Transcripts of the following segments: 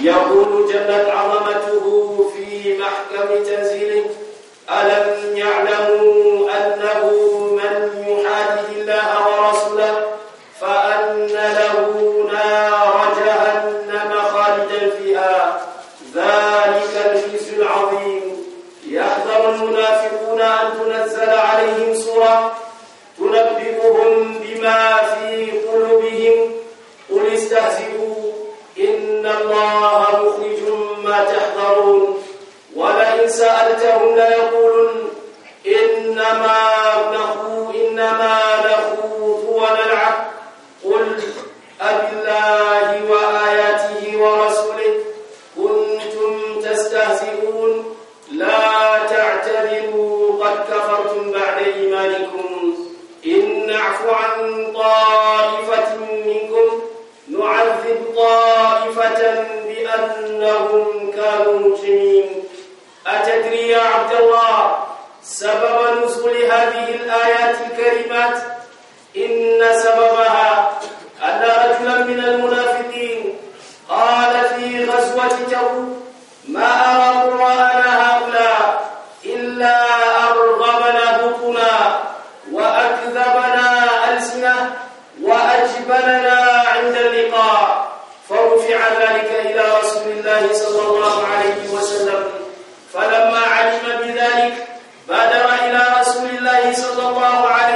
يقول جلت عظمته في محكم تنزيله ألم يعلموا أنه من يحادث الله ورسوله فأن له نار جهنم خالدا فيها ذلك الفيس العظيم يحذر المنافقون أن تنزل عليهم سورة تنبئهم بما الله مخرج ما تحذرون ولئن سألتهم ليقولن إنما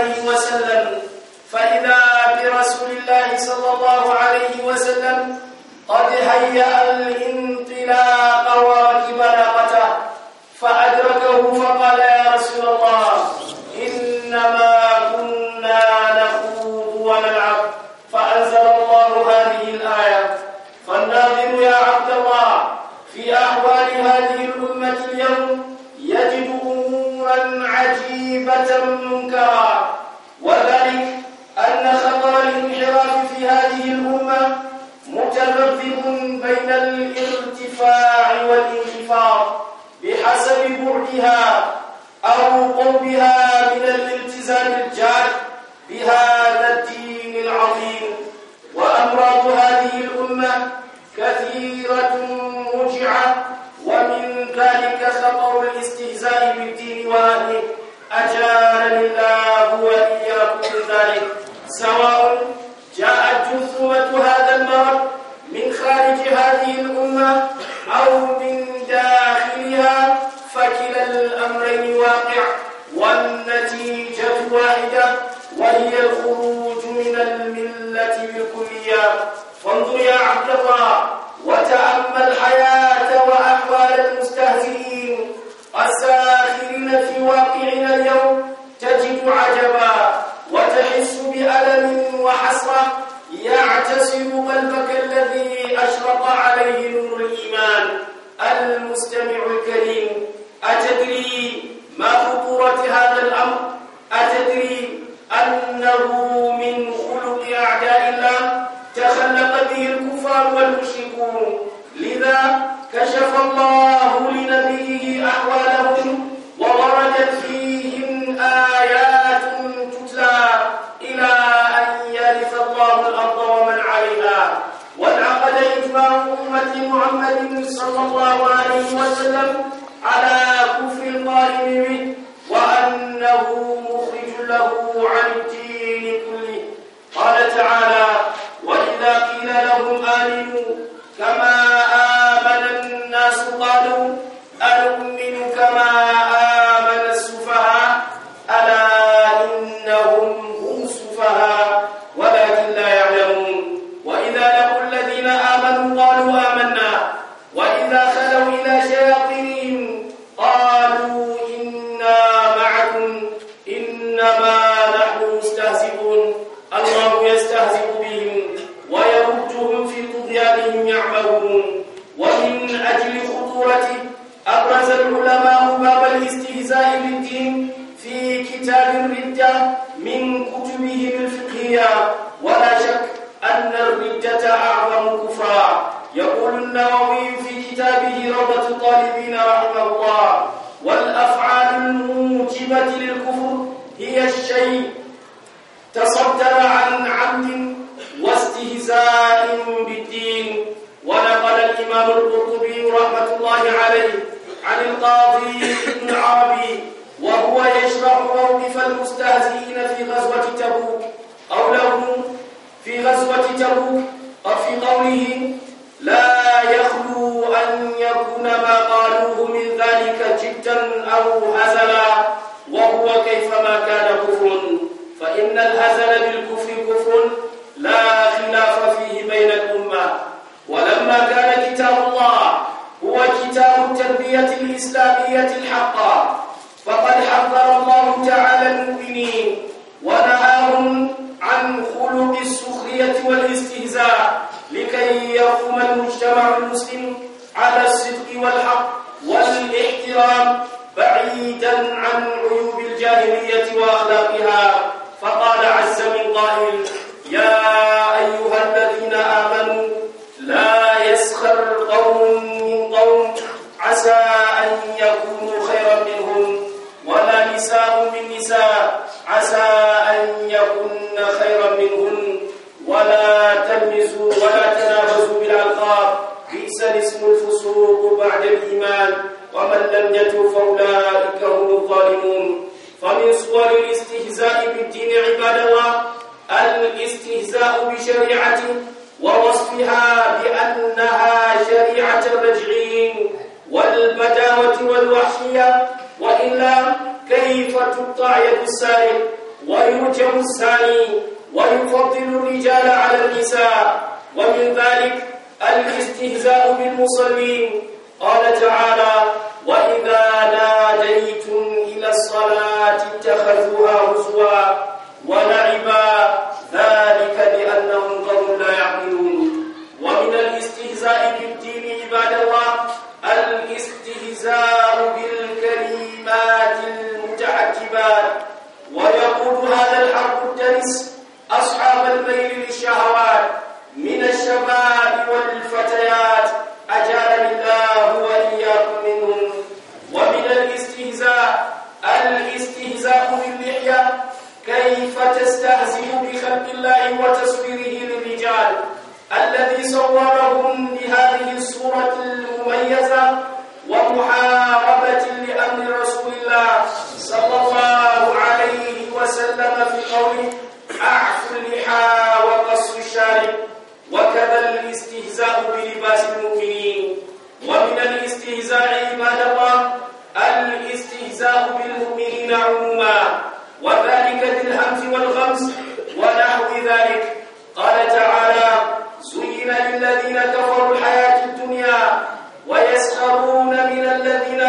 الله وسلم فإذا برسول الله صلى الله عليه وسلم قد هيأ الانطلاق وركب ناقته فأدركه فقال يا رسول الله إنما كنا نخوض ونلعب فأنزل الله هذه الآية فالناظر يا عبد الله في أحوال هذه الأمة اليوم يجد أمورا عجيبة منكرا وذلك أن خطر الانحراف في هذه الأمة متذبذب بين الارتفاع والانخفاض بحسب بعدها أو قربها من الالتزام الجاد بهذا الدين العظيم وأمراض هذه الأمة كثيرة موجعة ومن ذلك خطر الاستهزاء بالدين وأهله أجل عجبا وتحس بألم وحسرة يعتصم قلبك الذي أشرق عليه نور الإيمان المستمع الكريم أتدري ما خطورة هذا الأمر أتدري أنه من خلق أعداء الله تخلق به الكفار والمشركون لذا كشف الله لنبيه أحوالهم ووردت في أمة محمد صلى الله عليه وسلم على كفر الظالم منه وأنه مخرج له عن الدين كله قال تعالى وإذا قيل لهم آمنوا كما آمن الناس قالوا أنؤمن كما آمن عليه عن القاضي ابن عربي وهو يشرح موقف المستهزئين في غزوة تبوك قوله في غزوة تبوك أو في قوله لا يخلو أن يكون ما قالوه من ذلك جدا أو هزلا وهو كيفما كان كفر فإن الهزل كثيرا بعيدا عن عيوب الجاهلية وأخلاقها فقال عز من قائل يا أيها الذين آمنوا لا يسخر قوم من قوم عسى أن يكونوا خيرا منهم ولا نساء من نساء يقود هذا الحرب الدنس أصحاب الميل للشهوات من الشباب والفتيات أجارني الله وإياكم منهم ومن الاستهزاء الاستهزاء باللحية كيف تستهزئ بخلق الله وتصويره للرجال الذي صورهم بهذه الصورة المميزة ومحاربة لأمر رسول الله صلى الله عليه وسلم وكذا الاستهزاء بلباس المؤمنين ومن الاستهزاء عباد الله الاستهزاء بالمؤمنين عموما وذلك بالهمس والغمس ونحو ذلك قال تعالى زين للذين كفروا الحياة الدنيا ويسخرون من الذين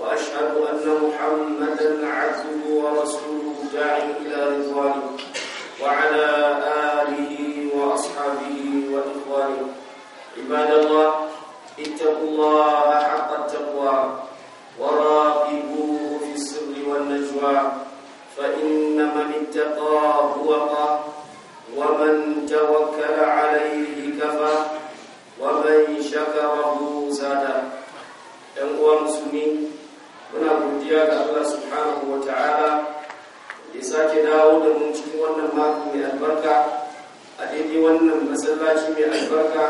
وأشهد أن محمدا عبده ورسوله داعي إلى رضوانه وعلى آله وأصحابه وإخوانه عباد الله اتقوا الله حق التقوى وراقبوه في السر والنجوى فإن من اتقاه وقى ومن توكل عليه كفى ومن شكره زاد أن مسلمين muna godiya ga Allah subhanahu wa ta'ala ya sake dawo da mu cikin wannan mako mai albarka a daidai wannan masallaci mai albarka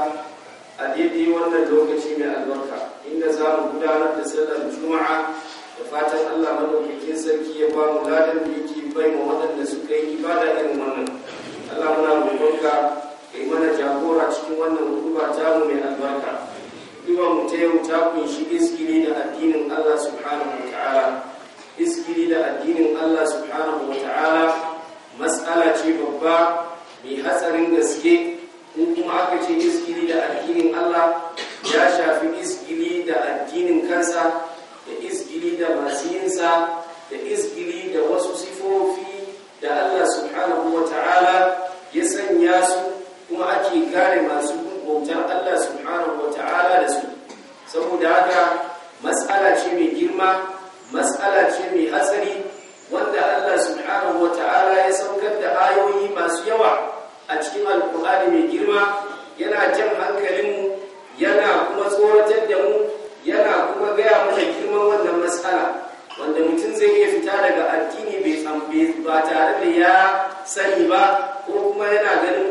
a daidai wannan lokaci mai albarka inda za mu gudanar da sallar juma'a da fatan Allah madaukakin sarki ya ba mu ladan da yake bai ma waɗanda suka yi ibada irin wannan Allah muna godiya kai mana jagora cikin wannan hukuma mu mai albarka mu ta yau ta kunshi iskili da addinin Allah subhanahu wa ta'ala iskili da addinin Allah subhanahu wa ta'ala mas'ala ce babba mai hatsarin gaske in kuma aka ce iskiri da addinin Allah ya shafi iskili da addinin kansa da iskili da masiyinsa, da iskili da wasu sifofi da Allah subhanahu wa ta'ala ya sanya su kuma ake gane masu bautar Allah subhanahu wa ta'ala da su saboda haka matsala ce mai girma matsala ce mai hatsari wanda Allah subhanahu wa ta'ala ya saukar da ayoyi masu yawa a cikin alkur'ani mai girma yana jan hankalinmu yana kuma tsoratar da mu yana kuma gaya mana girman wannan matsala wanda mutum zai iya fita daga addini ba tare da ya sani ba ko kuma yana ganin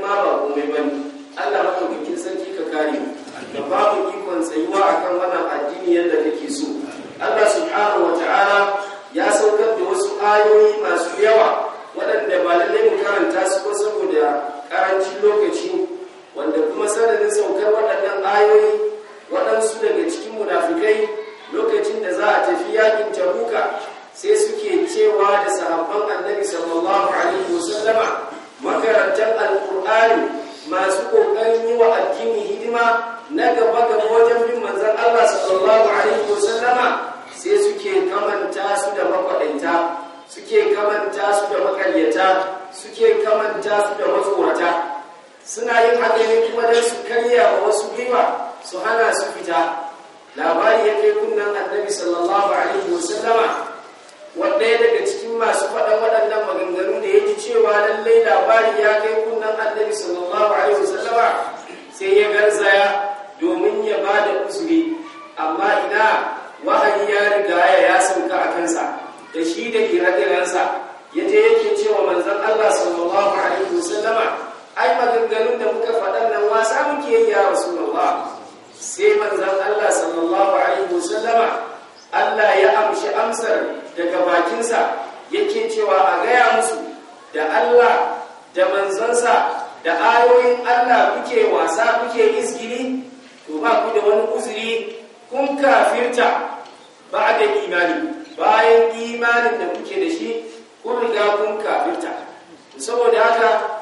labari ya kai kunnan annabi sallallahu alaihi wasallama ya daga cikin masu faɗan waɗannan maganganu da ya ji cewa lallai labari ya kai kunnan annabi sallallahu alaihi wasallama sai ya garzaya domin ya ba da uzuri amma ina wahayi ya riga ya sauka a kansa da shi da ire ya je yake cewa manzan Allah sallallahu alaihi wasallama ai maganganun da muka faɗa nan wasa muke yi ya rasulullah sai manzan Allah sallallahu alaihi wasallama Allah ya amshi amsar daga bakinsa yake cewa a gaya musu da Allah da manzansa da ayoyin Allah kuke wasa kuke izgili to ba ku da wani uzuri kun kafirta ba da imani bayan imanin da kuke da shi kun riga kun kafirta saboda haka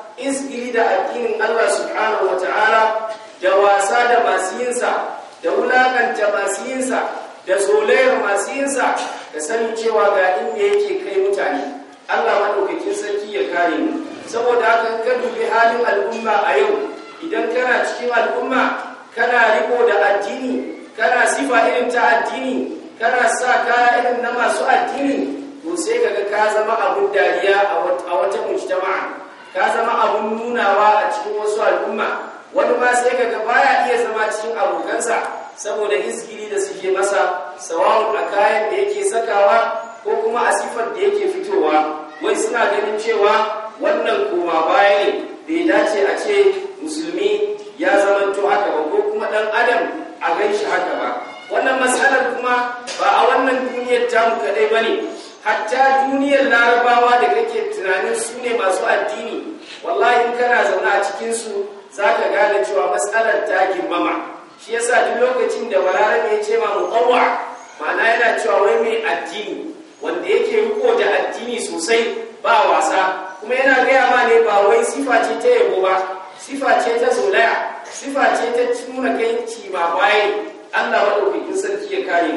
mu kadai bane hatta duniyar larabawa da kake tunanin su ne masu addini wallahi in kana zaune a cikin su zaka gane cewa mas'alar ta girmama shi yasa duk lokacin da bararabe ya ce ma muqawwa ma'ana yana cewa wai mai addini wanda yake riko da addini sosai ba wasa kuma yana gaya ma ne ba wai sifa ce ta yabo ba sifa ce ta zolaya sifa ce ta nuna kai ci ba baye Allah madaukakin sarki ya kare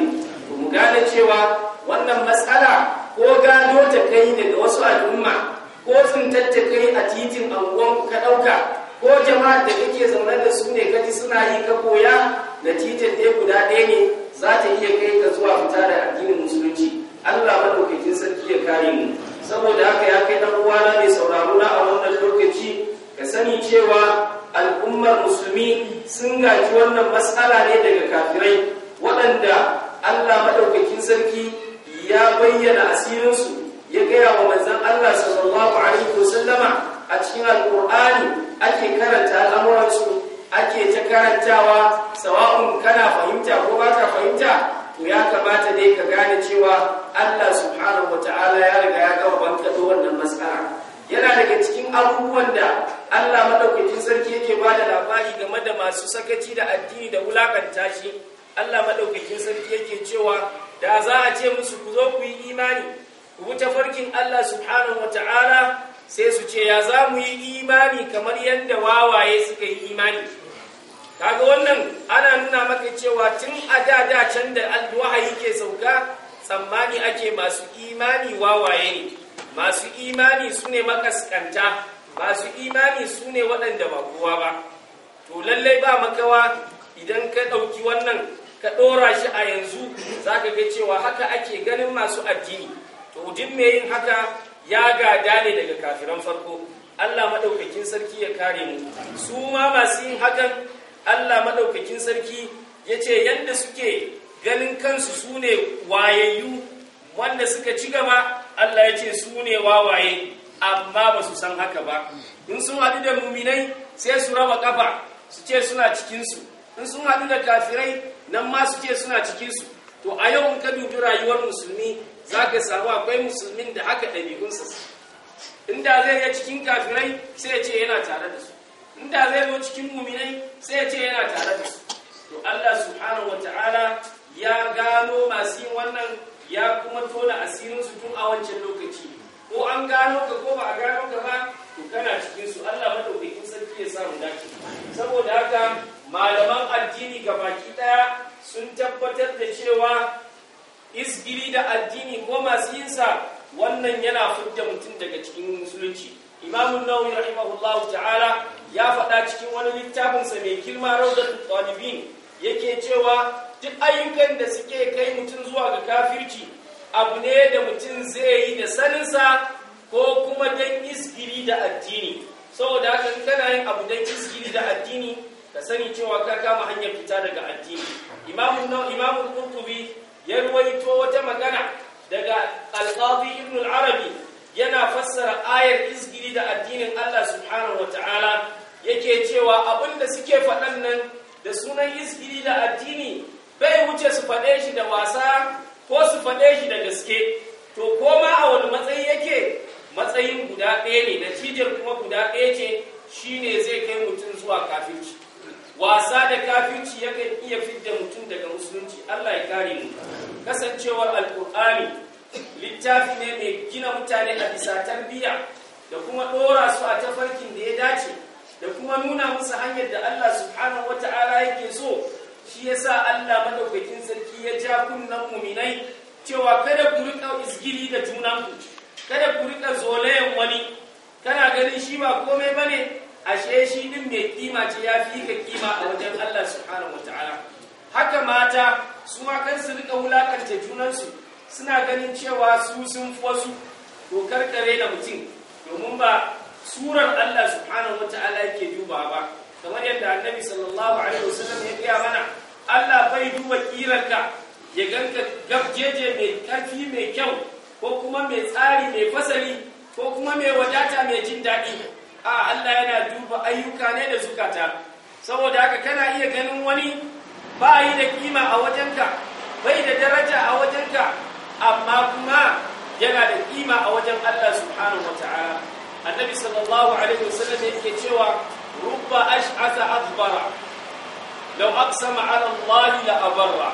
mu mu gane cewa wannan matsala ko gado ta kai daga wasu al'umma ko sun kai a titin anguwan ka ɗauka ko jama'ar da kake zaune da su ne kaji suna yi ka koya titin ɗaya guda ɗaya ne za ta iya kai ka zuwa fita da addinin musulunci allah maɗaukakin sarki ya kare mu saboda haka ya kai ɗan uwana mai sauraro na a wannan lokaci ka sani cewa al'ummar musulmi sun gaji wannan matsala ne daga kafirai waɗanda allah maɗaukakin sarki ya bayyana asirinsu ya gaya wa manzan Allah sallallahu alaihi wasallama a cikin alkur'ani ake karanta al'amuransu ake ta karantawa sawa'un kana fahimta ko ba ta fahimta to ya kamata dai ka gane cewa Allah subhanahu ta'ala ya riga ya gama bankaɗo wannan matsala yana daga cikin abubuwan da Allah madaukakin sarki yake ba da labari game da masu sakaci da addini da wulakanta shi Allah madaukakin sarki yake cewa da za a ce musu ku zo ku yi imani ku bi farkin Allah subhanahu wata'ala sai su ce ya za mu yi imani kamar yadda wawaye suka yi imani kaga wannan ana nuna maka cewa tun a da da can da wahayi ke sauka tsammani ake masu imani wawaye ne masu imani su ne makaskanta masu imani su ne waɗanda ba kowa ba to lallai ba makawa idan ka ɗauki wannan ka ɗora shi a yanzu za ka ga cewa haka ake ganin masu addini to duk mai yin haka ya gada ne daga kafiran farko Allah maɗaukakin sarki ya kare mu su ma masu yin hakan Allah maɗaukakin sarki ya ce yadda suke ganin kansu su ne wayayyu wanda suka ci gaba Allah ya ce su ne wawaye amma ba su san haka ba in sun haɗu da muminai sai su raba ƙafa su ce suna cikinsu in sun haɗu da kafirai nan ma suke suna cikinsu to a yau in ka dubi rayuwar musulmi za ka samu akwai musulmin da haka ɗabi'unsa inda zai ga cikin kafirai sai ya ce yana tare da su inda zai zo cikin muminai sai ya ce yana tare da su to Allah subhanahu Ta'ala ya gano masu yin wannan ya kuma tona asirinsu tun a wancan lokaci ko an gano ka ko ba a gano ka ba to kana cikin su Allah madaukakin sarki ya samu dace saboda haka malaman addini ga baki ɗaya sun tabbatar da cewa isgiri da addini ko masu yinsa wannan yana fidda mutum daga cikin musulunci imamun nawawi rahimahullahu ta'ala ya faɗa cikin wani littafinsa mai girma rawdatul talibin yake cewa duk ayyukan da suke kai mutum zuwa ga kafirci abu ne da mutum zai yi da saninsa ko kuma don isgiri da addini saboda haka kana yin abu don isgiri da addini ka sani cewa ka kama hanyar fita daga addini imamu imamu qurtubi ya ruwaito wata magana daga alqadi ibn al-arabi yana fassara ayar izgiri da addinin Allah subhanahu wataala yake cewa abinda suke faɗan nan da sunan izgiri da addini bai wuce su faɗe shi da wasa ko su faɗe shi da gaske to koma a wani matsayi yake matsayin guda ɗaya ne natijar kuma guda ɗaya ce shi ne zai kai mutum zuwa kafirci wasa da kafinci yakan iya fidda mutum daga musulunci Allah ya kare mu kasancewar alkur'ani littafi ne mai gina mutane a bisa tarbiyya da kuma ɗora su a tafarkin da ya dace da kuma nuna musu hanyar da Allah subhanahu wata'ala yake so shi yasa Allah madaukakin sarki ya ja kunnan muminai cewa kada ku riƙa isgiri da junanku kada ku riƙa zolayen wani kana ganin shi ba komai bane ashe shi din mai kima ce ya fi ka kima a wajen Allah subhanahu wataala haka mata su ma kansu rika wulakanta junansu suna ganin cewa su sun fi wasu to karkare da mutum domin ba surar Allah subhanahu wataala yake duba ba kamar yadda annabi sallallahu alaihi wasallam ya gaya mana Allah bai duba kirarka ya ganka gabjeje mai karfi mai kyau ko kuma mai tsari mai fasali ko kuma mai wadata mai jin daɗi a Allah yana duba ayyuka ne da zukata saboda haka kana iya ganin wani ba yi da kima a wajenka bai da daraja a wajenka amma kuma yana da kima a wajen Allah subhanahu wata'ala annabi sallallahu alaihi wasallam yake cewa rubba ash'atha akbara law aqsama ala Allah la abara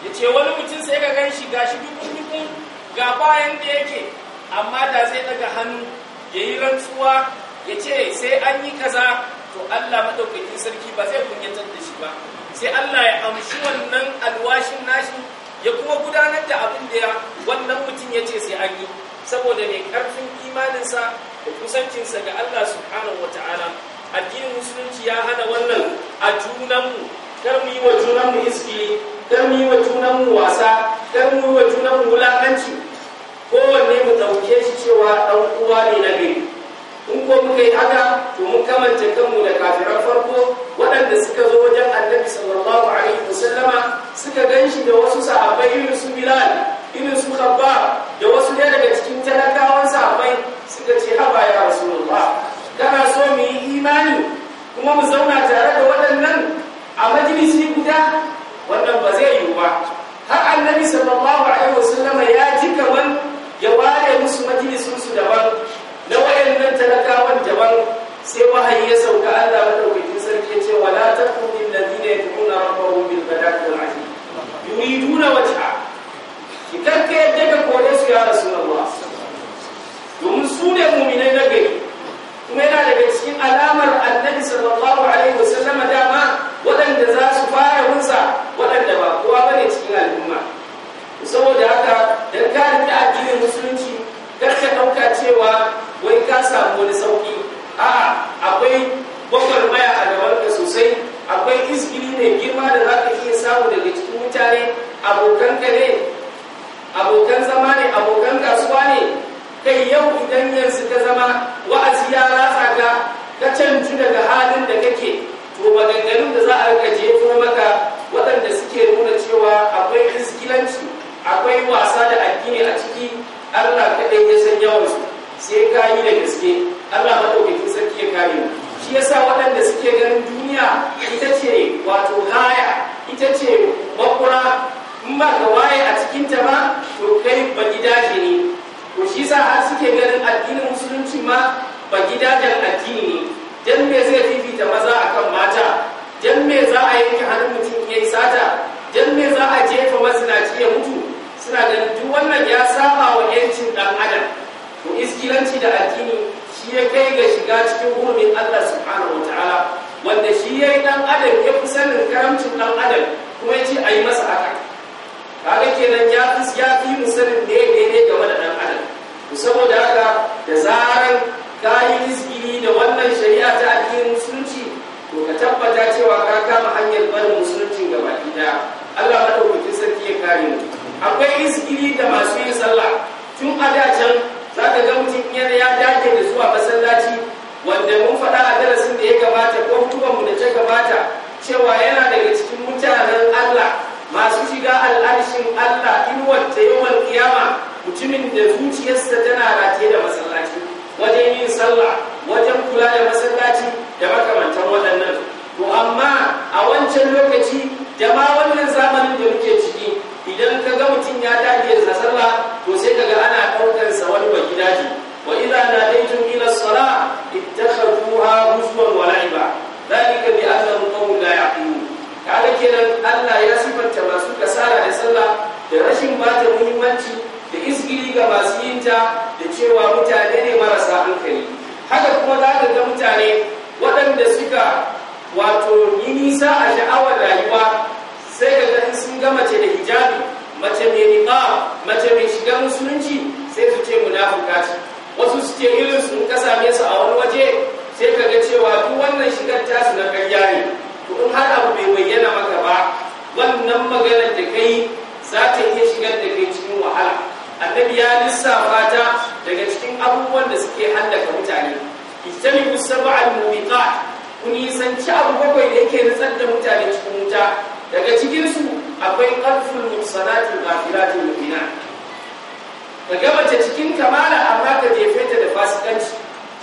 yace wani mutum sai ka gan shi gashi dukkan ga bayan da yake amma da zai daga hannu yayi rantsuwa ya ce sai an yi kaza to Allah maɗaukakin sarki ba zai kunyatar da shi ba sai Allah ya amshi wannan alwashin nashi ya kuma gudanar da abin da ya wannan mutum ya ce sai an yi saboda mai ƙarfin imaninsa da kusancinsa ga Allah subhanahu wa ta'ala addinin musulunci ya hana wannan a junanmu kar mu yi wa junanmu iski kar mu yi wa junanmu wasa kar mu yi wa junanmu wulakanci kowanne mu ɗauke shi cewa ɗan uwa ne na gari in ko muka yi haka to mun kamance kanmu da kafiran farko waɗanda suka zo wajen annabi sallallahu alaihi wasallama suka ganshi da wasu sahabbai irin su bilal irin su khabba da wasu ɗaya daga cikin talakawan sahabbai suka ce haba ya rasulullah kana so mu yi imani kuma mu zauna tare da waɗannan a majalisi guda wannan ba zai yiwu ba har annabi sallallahu alaihi wasallama ya ji kaman ya ware musu majalisinsu daban na wayar sai wahayi ya sauka Allah madaukakin sarki ya ce wala takun lil ladina yad'una rabbahum bil ghadati wal ashi yuriduna wajha kikakka yadda ka kore su ya rasulullah domin su ne mu'minai na gari kuma yana daga cikin alamar annabi sallallahu alaihi wasallama dama waɗanda za su fara hunsa waɗanda ba kowa bane cikin al'umma saboda haka dan kare rike addinin musulunci kar ka ɗauka cewa wai ka samu wani sauƙi a'a akwai gwagwarmaya a gabanka sosai akwai izgiri mai girma da za ka iya samu daga cikin mutane ne abokan zama ne abokan kasuwa ne kai yau idan yanzu ka zama wa'azi ya ratsa ka ka canju daga halin da kake to maganganun da za a rika jefo maka waɗanda suke nuna cewa akwai iskilanci akwai wasa da addini a ciki allah kaɗai ya san yawansu sai ka yi da gaske Allah madaukakin sarki ya kare mu shi yasa waɗanda suke ganin duniya ita ce wato gaya ita ce makura in ba ga waye a cikin ta ba to kai ba gidaje ne to shi yasa har suke ganin addinin musulunci ma ba gidajen addini ne dan me zai fifita maza akan mata dan me za a yanke hannun mutum yayi sata dan me za a jefa masinaci ya mutu suna ganin duk wannan ya saba wa yancin dan adam to iskilanci da addini shi ya kai ga shiga cikin hurumin Allah subhanahu wataala wanda shi ya yi dan adam ya fi sanin karamcin dan adam kuma ya ce a yi masa haka kaga kenan ya fi ya fi mu sanin daidai game da dan adam saboda haka da zaran ka yi iskili da wannan shari'a ta addinin musulunci to ka tabbata cewa ka kama hanyar barin musulunci gaba ɗaya Allah madaukakin sarki ya kare mu akwai iskili da masu yin sallah tun a da can za ga mutum yana ya dace da zuwa masallaci wanda mun faɗa a darasin da ya gabata ko mu da ta gabata cewa yana daga cikin mutanen Allah masu shiga al'arshin Allah inuwar ta yawan kiyama mutumin da zuciyarsa tana rataye da masallaci wajen yin sallah wajen kula da masallaci da makamantan waɗannan to amma a wancan lokaci da ma wannan zamanin da muke ciki idan ka ga mutum ya tashi da sallah to sai ga ana daukar sa wani baki daji wa dai tun ila salah ittakhaduha huzwan wa la'iba dalika bi annahum qawmun la yaqilun kaga kenan Allah ya sifanta masu kasara da sallah da rashin bata muhimmanci da isgiri ga masu yinta da cewa mutane ne marasa hankali haka kuma za ka ga mutane waɗanda suka wato yi nisa a sha'awar rayuwa sai ka ga sun ga mace da hijabi mace mai niqab mace mai shiga musulunci sai su ce munafuka ce wasu su ce irin sun ka same su a wani waje sai ka ga cewa duk wannan shigar su na karya ne to in har abu bai bayyana maka ba wannan maganar da kai za ta iya shigar da kai cikin wahala annabi ya lissafa ta daga cikin abubuwan da suke hallaka mutane ijtanibu al mubiqat kun yi sanci abu bakwai da yake nutsar da mutane cikin wuta daga cikin su akwai ƙarfin musanatu gafiratu mu'mina ka ga mace cikin kamala amma ka jefe ta da fasikanci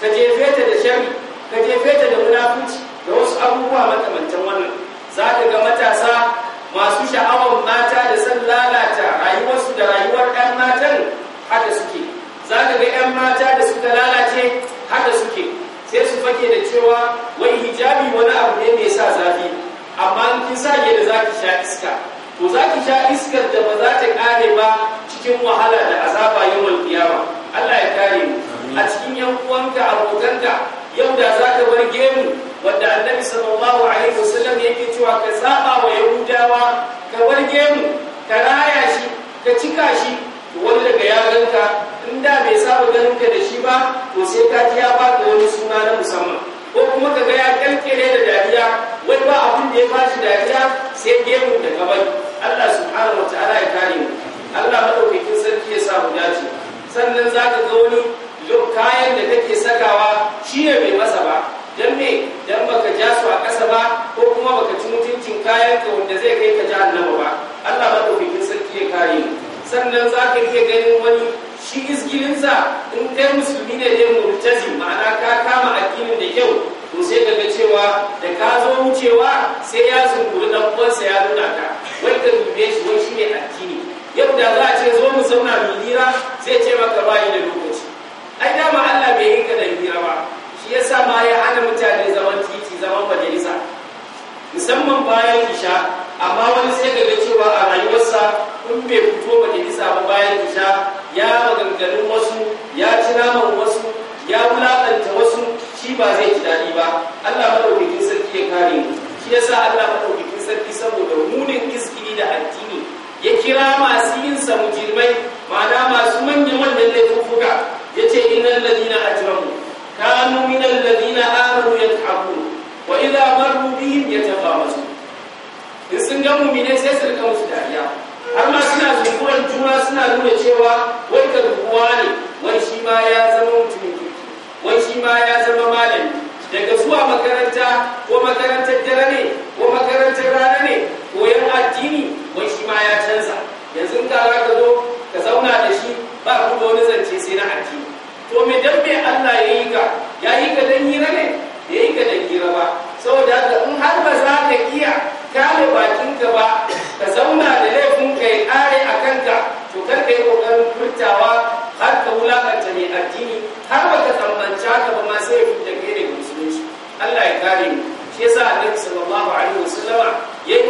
ka jefe ta da shari ka jefe ta da munafunci da wasu abubuwa makamantan wannan za ka ga matasa masu sha'awar mata da san lalata rayuwarsu da rayuwar 'yan matan haka suke za ka ga 'yan mata da suka lalace haka suke sai su fake da cewa wai hijabi wani abu ne mai sa zafi amma in kin ke da za ki sha iska to za ki sha iskar da ba za ta kare ba cikin wahala da azaba yawan kiyama Allah ya kare mu a cikin yan uwanka abokanka yau da za ka bar gemu wanda annabi sallallahu alaihi wasallam yake cewa ka saba wa yahudawa ka bar gemu ka raya shi ka cika shi wanda ga ya ganka in da bai saba ganin da shi ba to sai ka ji ya baka wani suna na musamman ko kuma ka ga ya ne da dariya wani ba abin da ya bashi dariya sai gemu da gabai Allah subhanahu wa ta'ala ya kare mu Allah madaukakin sarki ya sa mu dace sannan zaka ga wani kayan da kake sakawa shi ne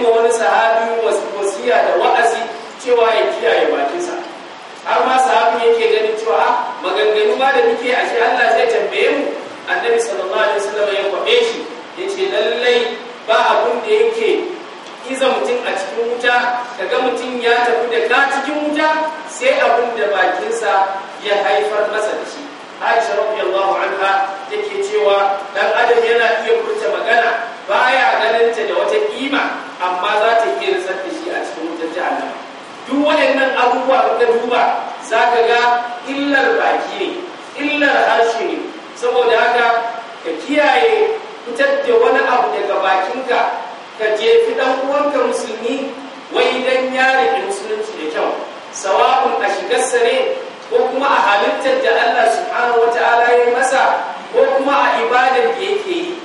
ma wani sahabi wasiya da wa'azi cewa ya kiyaye bakinsa har ma sahabi yake ganin cewa a ah, maganganu ma da muke a shi Allah zai tambaye mu annabi sallallahu alaihi wasallam ya kwabe shi ya ce lallai ba abun da yake iza mutum a cikin wuta daga mutum ya tafi da ka cikin wuta sai abun da bakinsa ya haifar masa da shi Aisha radiyallahu anha take cewa dan adam yana iya furta magana baya ganin ta da wata kima amma za ta iya rasar da shi a cikin wutar jahannama duk waɗannan abubuwa da ka duba za ka ga illar baki ne illar harshe ne saboda haka ka kiyaye fitar da wani abu daga bakinka ka jefi ɗan uwanka musulmi wai dan ya rike musulunci da kyau sawa'un a shigarsa ne ko kuma a halittar da Allah subhanahu ta'ala ya masa ko kuma a ibadar da yake yi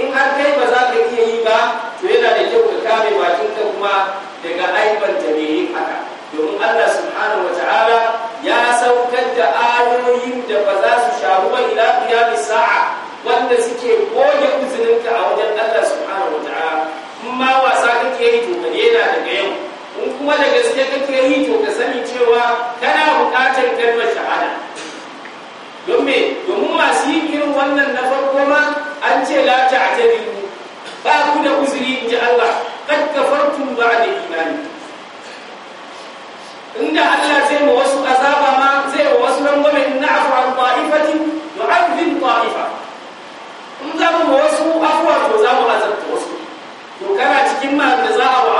in har kai ba za ka iya yi ba to yana da kyau kame bakinka kuma daga aibanta ne yin haka domin Allah subhanahu wa ta'ala ya saukar da ayoyin da ba za su sharu ba ila qiyamis sa'a wanda suke goge uzurinka a wajen Allah subhanahu wa ta'ala in ma wasa kake yi to ka daina daga yau in kuma da gaske kake yi to ka sani cewa kana buƙatar kalmar shahada don me domin masu yi irin wannan na farko ma an ce la ta'tadiru ba ku da uzuri in ji Allah kad kafartum ba'da imani inda Allah zai ma wasu azaba ma zai wa wasu rangwame in na'fu an ta'ifati nu'adhib ta'ifa in za mu wasu afwa to za mu azabta wasu kana cikin ma a